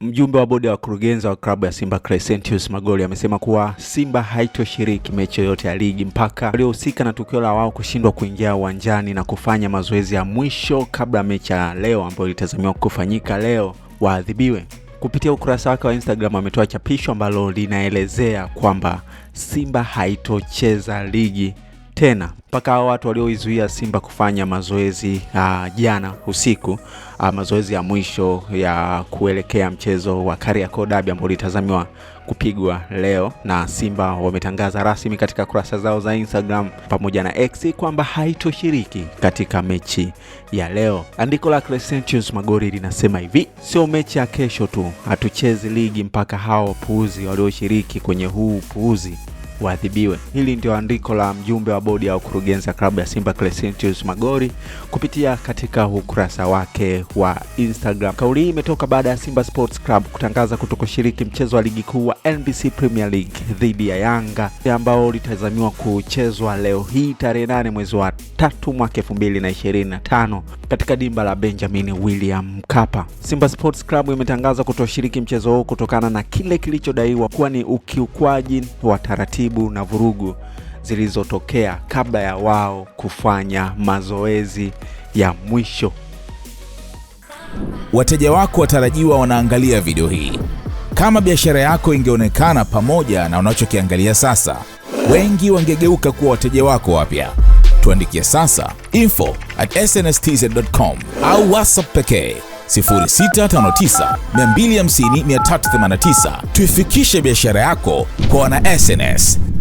Mjumbe wa bodi ya wakurugenzi wa klabu ya Simba Crescentius Magoli amesema kuwa Simba haitoshiriki mechi yoyote ya ligi mpaka waliohusika na tukio la wao kushindwa kuingia uwanjani na kufanya mazoezi ya mwisho kabla ya mechi ya leo ambayo ilitazamiwa kufanyika leo waadhibiwe. Kupitia ukurasa wake wa Instagram ametoa chapisho ambalo linaelezea kwamba Simba haitocheza ligi tena mpaka hao watu walioizuia Simba kufanya mazoezi uh, jana usiku uh, mazoezi ya mwisho ya kuelekea mchezo wa Kariakoo Derby ambao ulitazamiwa kupigwa leo, na Simba wametangaza rasmi katika kurasa zao za Instagram pamoja na X kwamba haitoshiriki katika mechi ya leo. Andiko la Crescentius Magori linasema hivi: sio mechi ya kesho tu, hatuchezi ligi mpaka hao wapuuzi walioshiriki kwenye huu puuzi waadhibiwe. Hili ndio andiko la mjumbe wa bodi ya ukurugenzi ya klabu ya Simba Crescentius Magori kupitia katika ukurasa wake wa Instagram. Kauli hii imetoka baada ya Simba Sports Club kutangaza kutokushiriki mchezo wa ligi kuu wa NBC Premier League dhidi ya Yanga ambao litazamiwa kuchezwa leo hii tarehe nane mwezi wa tatu mwaka tano katika dimba la Benjamin William Mkapa. Simba Sports Club imetangaza kutoshiriki mchezo huu kutokana na kile kilichodaiwa kuwa ni ukiukwaji wa taratibu taratibu na vurugu zilizotokea kabla ya wao kufanya mazoezi ya mwisho. Wateja wako watarajiwa wanaangalia video hii. Kama biashara yako ingeonekana pamoja na unachokiangalia sasa, wengi wangegeuka kuwa wateja wako wapya. Tuandikie sasa info at snstz.com au WhatsApp pekee 0659 250 Tuifikishe biashara yako kwa wana SnS.